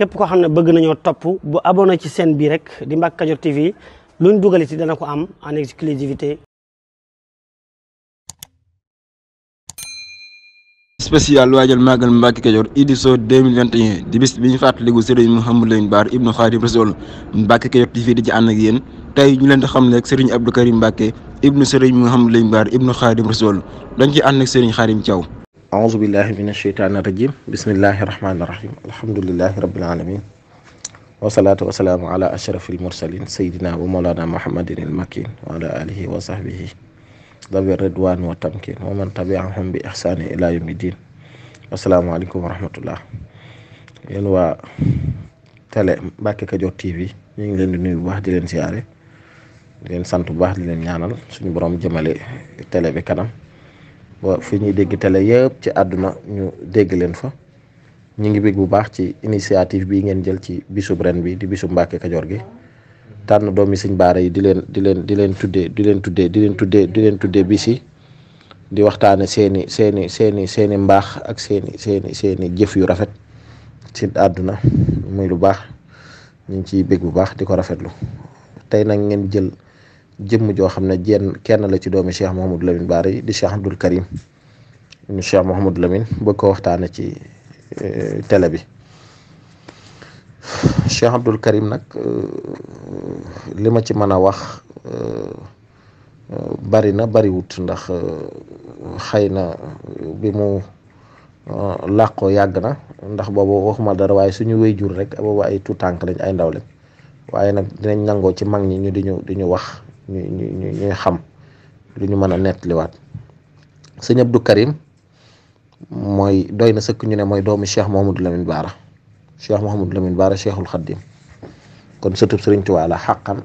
képp koo xam ne bëgg nañoo topp bu abonné ci seen bi rek di Mbacke Kadior TV luñ dugal ci dana ko am en exclusivité spécial waajal màggal Mbacke Kadior édition 2021 di bis bi ñu fàttaliku Serigne Mouhamadou Lamine Bara Ibnu Khadim Rasoul Mbacke Kadior TV di ci ànd ak yéen tey ñu leen di xam ne rek Serigne Abdou Karim Mbacke Ibnu Serigne Mouhamadou Lamine Bara Ibnu Khadim Rasoul dañ ci ànd ak Serigne Khadim Thiaw aousubillahi min asheytaani irajim bismillahi irahmaniirahim alhamdulilahi rabilalamin wasalaatu wasalaamu ala ashraf almursalin sayidina wa moolana mohammadin almakin wa ala alihi wa sahbihi dawi ridwan wa tamkin wa TV ngi leen di nuyu bu baax di leen sant bu baax di leen ñaanal suñu borom jëmale télé ba fi ñuy dégg télé yëpp ci àdduna ñu dégg leen fa ñu ngi bég bu baax ci initiative bi ngeen jël ci bisu ren bi di bisub Mbàkke Kajoor gi tànn mi Sëñ Baara yi di leen di leen di leen tuddee di leen tuddee di leen tuddee di leen tuddee di waxtaane seeni seeni seeni seeni mbaax ak seeni seeni seeni jëf yu rafet ci àdduna muy lu baax ñu ngi ciy bég bu baax di ko rafetlu tey nag ngeen jël jëmm joo xam ne jenn kenn la ci doomi Cheikh Mouhamadou Lamine Bara yi di Cheikh Abdoul Karim ñu Cheikh Mouhamadou Lamine bëgg ko waxtaane ci eh, tele bi Cheikh Abdoul Karim nag eh, li ma ci mën a wax eh, bari na bariwut ndax xëy na bi mu làqoo yàgg na ndax boobu waxuma dara waaye suñu wéy jur rek boobu ay tànk lañ ay ndaw lañ waaye nag dinañ nangoo ci mag ñi ñu di wax ñu ñuy xam lu ñu mën a nettaliwaat sëñ Abdou Karim mooy doy na sëkk ñu ne mooy doomu Cheikh Mouhamadou Lamine Baara Cheikh Mouhamadou Lamine Baara seexul Khadim kon sëtub Sëriñ Tuubaa la xàqan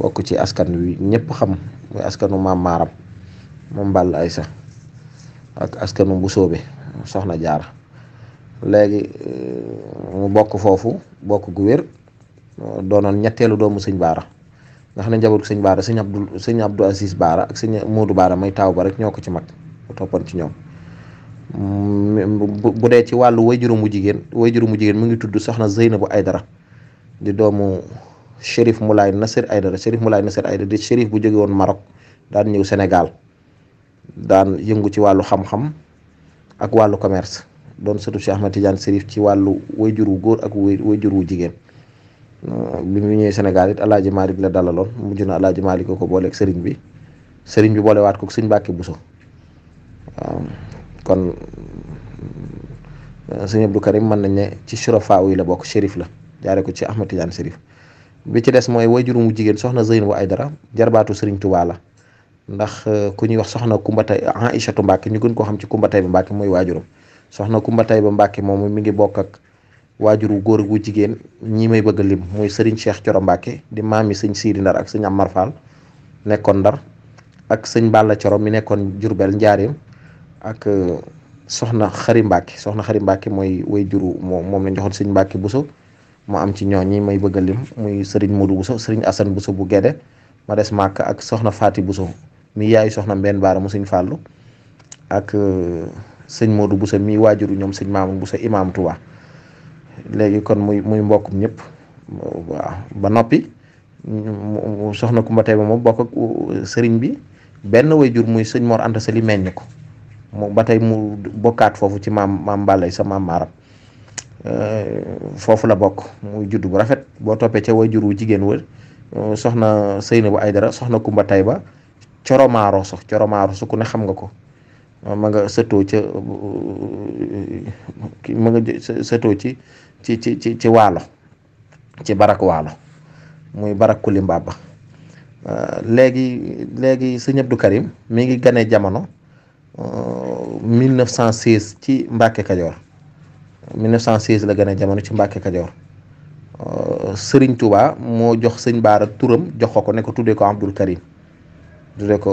bokk ci askan wi ñëpp xam muy askanu maam Maaram moom Balla Aysa ak askanu bu Mbusoobe soxna Jaara léegi euh, mu bokk foofu bokk gu wér doonoon ñetteelu doomu sëñ Baara nga xam ne njaboot sëñ Baara sëñ Abdou sëñ Abdou Aziz Baara ak sëñ Modou Baara may taaw ba rek ñoo ko ci mag toppoon ci ñoom mm, bu dee ci wàllu wayjuru mu jigéen wayjuru mu jigéen mu ngi tudd soxna Zeynabu Aydara di doomu Chérif Moulay Nasser Aydara mu Moulay Nasser Aydara di Chérif bu jóge woon Maroc daan ñëw Sénégal daan yëngu ci wàllu xam-xam ak wàllu commerce doon sëtu Cheikh Ahmed Tidiane Chérif ci wàllu wayjur wu góor ak wayjur wu jigéen bi mu ñëwee Sénégal it alaaji Malick la dalaloon mujj na alaaji Malick ko booleeg sëriñ bi sëriñ bi boolewaat ko sëñ Mbàkke Buso waaw kon euh, sëñ Abdou Karim mën nañ ne ci surafaa yi la bokk shérif la jaare ko ci Ahmad Tidiane bi ci des mooy wajuru mu jigéen soxna Zeyn bu Aydara jarbaatu sëriñ Tuubaa la ndax euh, ku ñuy wax soxna Kumba Tay Aïchatu Mbàkke ñu gën koo xam ci Kumba Tay ba Mbàkke mooy waajuram soxna Kumba Tay ba Mbàkke moom mi ngi bokk ak waajuru wu góor gu jigéen ñi may bëgg lim muy sëriñ Cheikh Coro Mbàkke di maami sëñ Siidi Ndar ak sëñ Amar Fall nekkoon Ndar ak sëñ Balla Coro mi nekkoon Jurbel Njaareem ak euh, soxna Xari Mbàkke soxna Xari Mbàkke mooy way juru moo moom lañ joxoon sëñ Mbàkke Buso mu am ci ñoo ñi may bëgg lim muy sëriñ Modou Buso sëriñ Asan Buso bu Gédé ma des màkk ak soxna Faati Buso mi yaayu soxna Mbenn Baara mu sëñ Fàllu ak euh, sëñ Modou Buso mi waajuru ñoom sëñ Maamu Buso imaam Tuubaa léegi kon muy muy mbokkum ñëpp ba noppi soxna Kumba Tayba moom bokk ak uh, sëriñ bi benn jur muy sëñ Mor Anta Sali meññ ko moom ba tey mu bokkaat foofu ci maam maam Mbalay sa maam Maaram uh, foofu la bokk muy judd bu rafet boo toppee ca wayjur wu jigéen wër uh, soxna Seynabu Aydara soxna Kumba Tayba coromaaro sox coromaaro su ku ne xam nga ko ma nga sëtoo ca ma sëtoo ci ci ci ci ci waalo ci barak waalo muy barak Kulimbaaba euh, léegi léegi sëñ Abdou Karim mi ngi ganee jamono 1906 euh, ci Mbàkke Kajoor 1906 la ganee jamono ci Mbàkke Kajoor euh, Sëriñ Tuubaa moo jox sëñ Baara turam jox ko ko ne ko tuddee ko Abdul Karim tudde ko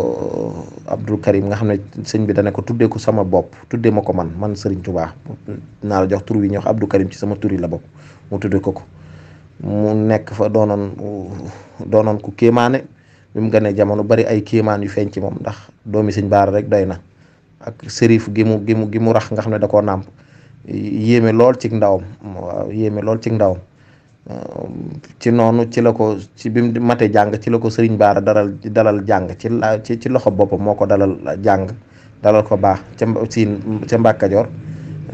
Abdul Karim nga xam ne sëñ bi dana ko tuddee ko sama bopp tuddee ma ko man man Serigne Touba naa la jox tur wi ñuy wax Abdou Karim ci sama tur la bokk mu tuddee ko ko mu nekk fa doonoon doonoon ku kéemaane bi mu gënee jamono bari ay kéemaan yu feeñ ci moom ndax doomi sëñ Baara rek doy na ak sërif gi mu gi mu gi mu rax nga xam ne da koo nàmp yéeme lool ci ndawam yéeme lool ci ndawam. ci noonu ci la ko ci bi mu mate jàng ci la ko sëriñ baara dalal dalal jàng ci ci ci loxo boppam moo ko dalal jàng dalal ko baax ca siin ca Mbàkke Kajoor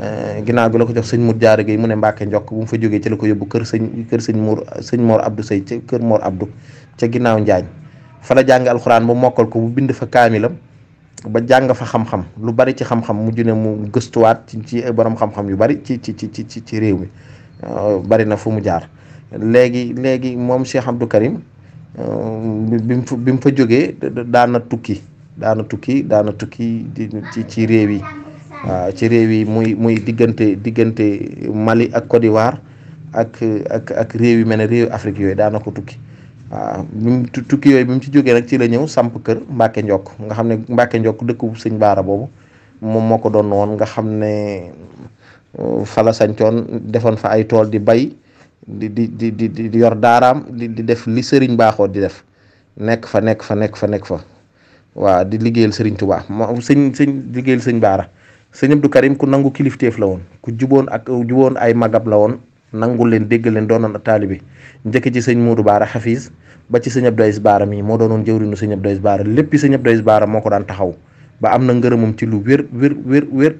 eh, ginnaaw bi la ko jox sëñ mut jaara gi mu ne Mbàkke njokk bu mu fa jógee ci la ko yóbbu kër sëñ kër sëñ Mour sëñ Mor Abdou Sey ca kër Mor Abdou ca ginnaaw Njaañ fa la jàng alxuraan ba mokkal ko bu bind fa kaamilam ba jàng fa xam-xam lu bari ci xam-xam mujj ne mu gëstuwaat ci ci borom xam-xam yu bari ci ci ci ci ci réew mi eh, bari na fu mu jaar. léegi léegi moom Cheikh Abdou Karim euh, bi mu fa jógee daana tukki daana tukki daana tukki ci ci réew yi ci réew yi muy muy diggante diggante Mali ak Côte d'Ivoire ak ak ak réew yi mel ne réew Afrique yooyu daana ko tukki waaw bi mu tukki yooyu bi mu ci jógee nag ci la ñëw samp kër Mbacke Njokk nga xam ne Mbacke Njokk dëkku bu sëñ Baara boobu moom moo ko doon woon nga xam ne euh, fala sañcoon defoon fa ay tool di bay di di di di di yor daaraam di di def li sëriñ baaxoo di def nekk fa nekk fa nekk fa nekk fa waaw di liggéeyal sëriñ tubaa moom sëñ sëñ liggéeyal sëñ Baara sëñ Abdou Karim ku nangu kilifteef la woon ku juboon ak juboon ay magab la woon nangu leen dégg leen doonoon taalibe njëkk ci sëñ Modou Baara xafiis ba ci sëñ Abdou Aziz Baara mii moo doonoon jëwriñu sëñ Abdou Aziz Baara lépp sëñ Abdou Aziz Baara moo ko daan taxaw ba am na ngërëmam ci lu wér wér wér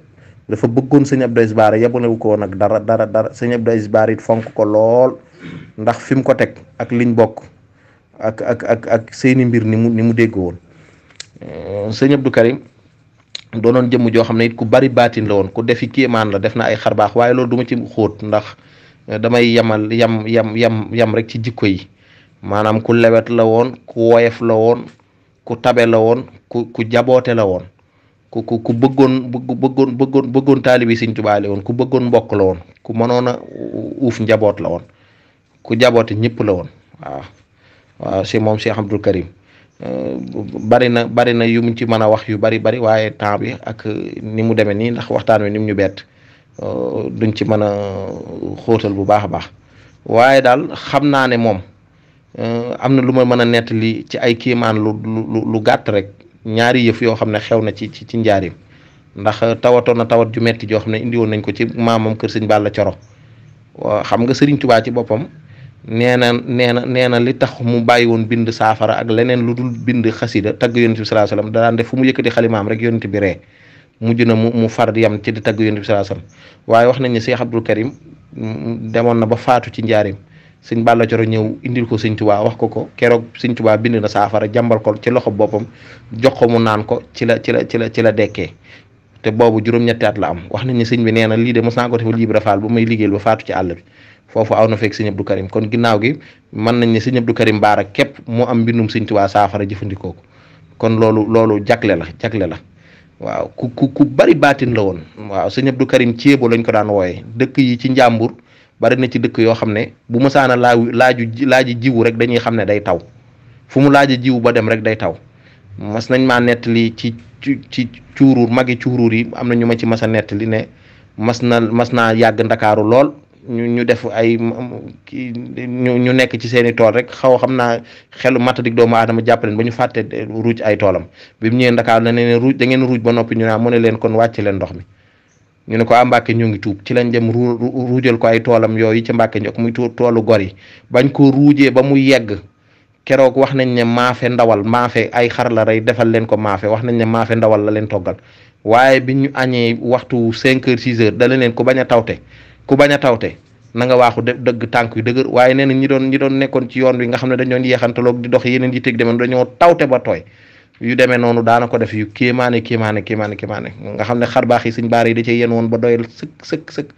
dafa bëggoon sëñ Abdou Aziz Baara yebalewu ko woon ak dara dara dara sëñ Abdou Aziz fonk ko lool ndax fi mu ko teg ak liñ bokk ak ak ak ak seeni mbir ni mu ni mu dégg woon euh, sëñ Abdou Karim doonoon jëmm joo xam ne it ku bari baatin la woon ku defi kéemaan la def na ay xarbaax waaye loolu duma ci xóot ndax euh, damay yamal yam yam yam yam rek ci jikko yi maanaam ku lewet la woon ku woyef la woon ku tabe la woon ku ku jaboote la woon ku ku ku bëggoon bëggoon bëggoon bëggoon taalibi Sëñ Tuubaa la woon ku bëggoon mbokk la woon ku mënoon a uuf njaboot la woon ku jaboote ñëpp la woon waaw si moom Cheikh Abdou Karim bari na bari na yu mu ci mën a wax yu bari bari waaye temps bi ak ni mu demee nii ndax waxtaan wi ni mu ñu duñ ci mën a xotal bu baax a baax waaye daal xam naa ne moom am na lu ma mën a nettali ci ay kiimaan lu lu lu gàtt rek. ñaari yëf yoo xam ne xew na ci ci ci njaarim ndax tawatoon na tawat ju metti joo xam ne indi woon nañ ko ci maamam kër sëñ la Coro xam nga sëriñ Tubaa ci boppam nee na nee na nee na li tax mu bàyyi woon bind saafara ak leneen lu dul bind xasida tagg yonent bi sallallahu alayhi wasallam def fu mu yëkkati xalimaam rek yonent bi ree mujj na mu mu far yam ci di tagg yonent bi sallallahu waaye wax nañ ne Cheikh Abdou Karim mm, demoon na ba faatu ci njaarim sëñ Balla Coro ñëw indil ko sëñ Tuubaa wax ko ko keroog sëñ Tuubaa bind na saafara jàmbal ko ci loxo boppam jox ko mu naan ko ci la ci la ci la ci la dekkee te boobu juróom-ñetti at la am wax nañ ne sëñ bi nee na lii de mos naa ko defal Ibra Faal bu may liggéeyal ba faatu ci àll bi foofu aw na fekk sëñ Abdou Karim kon ginnaaw gi mën nañ ne sëñ Abdou Karim Baara képp mu am mbindum sëñ Tuubaa saafara jëfandikoo ko kon loolu loolu jagle la jagle la waaw ku ku bari baatin la woon waaw sëñ Abdou Karim Ceebo lañ ko daan wooye dëkk yi ci njàmbur bari na ci dëkk yoo xam ne bu mësaana laaw laaju laaji jiwu rek dañuy xam ne day taw fu mu laaji jiwu ba dem rek day taw mas nañ maa nettali ci ci cuuruur magi cuuruur yi am na ñu ma ci masa a nettali ne mas na mas naa yàgg ndakaaru lool ñu ñu def ay ñu ñu nekk ci seeni tool rek xaw xam naa xelu matadik doomu aadama jàppaleen ba ñu fàtte ruuj ay toolam bi mu ñëwee ndakaaru la ne ruuj da ngeen ruuj ba noppi ñu naa mu ne leen kon wàcc leen ndox mi ñu ne ko am ah, Mbàkke ñoo ngi tuub ci lañ dem ru ruujal ko ay toolam yooyu ci Mbàkke njokk muy toolu gor bañ ko ruujee ba mu yegg keroog wax nañ ne maafe ndawal maafe ay xar la rey defal leen ko maafe wax nañ ne maafe ndawal la leen toggal waaye bi ñu añee waxtu cinq heures six heures dana leen ku bañ a tawte ku bañ a tawte na nga waaxu dëgg tànk yu dëgër waaye nee na ñi doon ñi doon nekkoon ci yoon wi nga xam ne dañoon yeexantaloog di dox yeneen yi teg demen dañoo tawte ba tooy yu demee noonu daana ko def yu kéemaane kéemaane kéemaane kéemaane nga xam ne xar baax yi suñ baar yi da cee yen woon ba doyal sëkk sëkk sëkk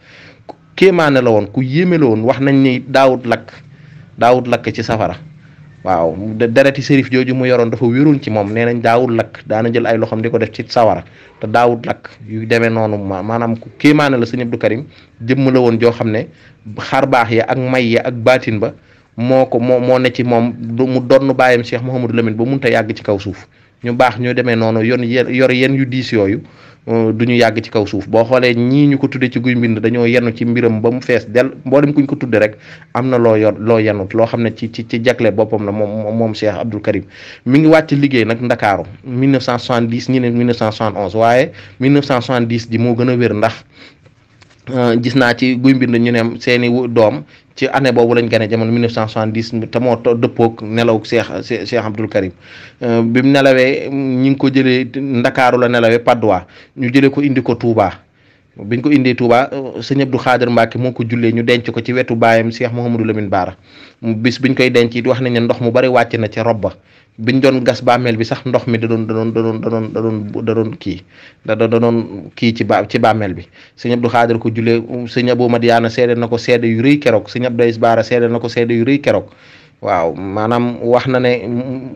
kéemaane la woon ku yéeme la woon wax nañ ni daawut lakk daawut lakk ci safara waaw dereti sérif jooju mu yoroon dafa wérul ci moom nee nañ daawut lakk daana jël ay di ko def ci sawara te daawut lakk yu demee noonu maanaam ku kéemaane la sëñ Abdou Karim jëmm la woon joo xam ne xar baax ya ak may ya ak baatin ba moo ko moo moo ne ci moom mu donn bàyyam Cheikh Mouhamadou Lamine ba munta yàgg ci kaw suuf ñu baax ñoo demee noonu yoon yor yenn yu diis yooyu euh, du ñu yàgg ci kaw suuf boo xoolee ñii ñu ko tuddee ci guy mbind dañoo yenn ci mbiram ba mu fees del mboolem kuñ ko tudde rek am na loo yor loo yenut loo xam ne ci ci ci jagle boppam la moom moom Cheikh Abdoul Karim mi ngi wàcc liggéey nag Ndakaaru 1970 ñi ne 1971 waaye 1970 ji moo gën a wér ndax Euh, gis naa ci guy mbind ñu ne seeni doom ci année boobu lañ gane jamono 1970 te moo dëppoog nelaw Cheikh Cheikh Abdoul Karim euh, bi mu nelawee ñi ngi ko jëlee Ndakaaru la nelawee Padois ñu jëlee ko indi ko tuubaa biñ ko indee Touba euh, sëñ Abdou Khader Mbacke moo ko jullee ñu denc ko ci wetu baayam Cheikh Mouhamadou Lamine Baara bis biñ koy denc it wax nañ ne ndox mu bari wàcc na ca robba biñ doon gas bàmmeel bi sax ndox mi da doon da doon da doon kii da da doon kii ci ba ci bàmmeel bi sëñ Abdou Khader ko jullee sëñ Abou Madiana seede na ko seede yu rëy keroog sëñ Abdou Aziz Baara seede na ko seede yu rëy keroog waaw maanaam wax na ne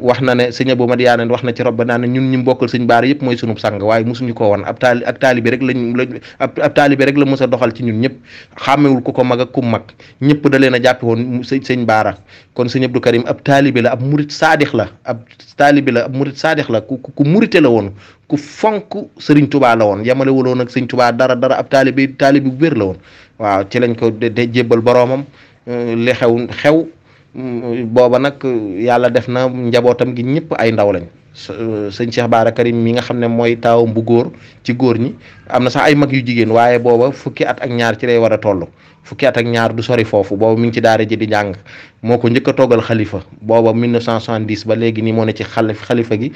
wax na ne sëñ Abu Madiyaan wax na ci rob naa ne ñun ñu bokkal sëñ Baara yëpp mooy sunub sang waaye mosuñu ko woon ab taali ak taalibi rek lañ lañ ab taalibi rek la musa doxal ci ñun ñëpp xàmmewul ko ko mag ak ku mag ñëpp da leen a jàppe woon sëñ sëñ Baara kon sëñ Abdou Karim ab taalibi la ab murit saadix la ab taalibi la ab saadix la ku ku murite la woon ku fonk sëriñ Tubaa la woon yamale wuloon ak sëñ Tubaa dara dara ab taalibi taalibi bu wér la woon waaw ci lañ ko de jébbal boroomam euh, li xew xew Mm, booba nag uh, yàlla def na njabootam gi ñëpp ay ndaw lañ uh, sëñ Cheikh Bara Karim mi nga xam ne mooy taawam bu góor ci góor ñi am na sax ay mag yu jigéen waaye booba fukki at ak ñaar ci lay war a toll fukki at ak ñaar du sori foofu booba mi ngi ci daara ji di jàng moo ko njëkk a toggal xalifa booba 1970 ba léegi nii moo ne ci xalif gi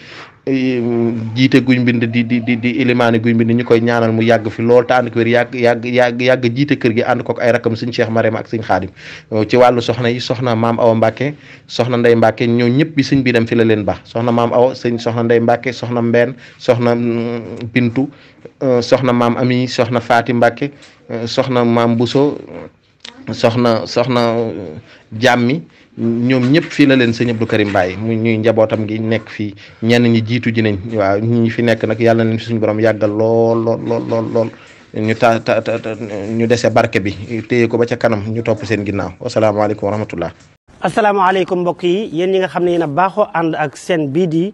jiite mbind di di di di ilimaani guy mbind ñu koy ñaanal mu yàgg fi lool te ànd ko yàgg yàgg yàgg yàgg jiite gi ànd kook ay rakam suñ Cheikh Marème ak suñ Xaadim ci wàllu soxna yi soxna maam Awa Mbacke soxna Ndey Mbacke ñoo ñëpp bi sëñ bi dem fi la leen baax soxna maam Awa sëñ soxna Ndey sox soxna Mbène soxna mm, Bintu euh, soxna soxna maam ami soxna faati mbàkke euh, soxna maam buso soxna soxna euh, jàmmi ñoom ñëpp fii la leen sëñ Abdou Karim mu ñuy njabootam gi nekk fii ñenn ñi jiitu ji nañ waaw ñi fi nekk nag yàlla nañ fi suñu boroom yàggal lool lool lool lool lool ñu ta ta ñu dese barke bi téye ko ba ca kanam ñu topp seen ginnaaw wasalaamaaleykum wa rahmatullah asalaamaaleykum mbokk yi yéen ñi xam ne yéen a baaxoo ànd ak seen bii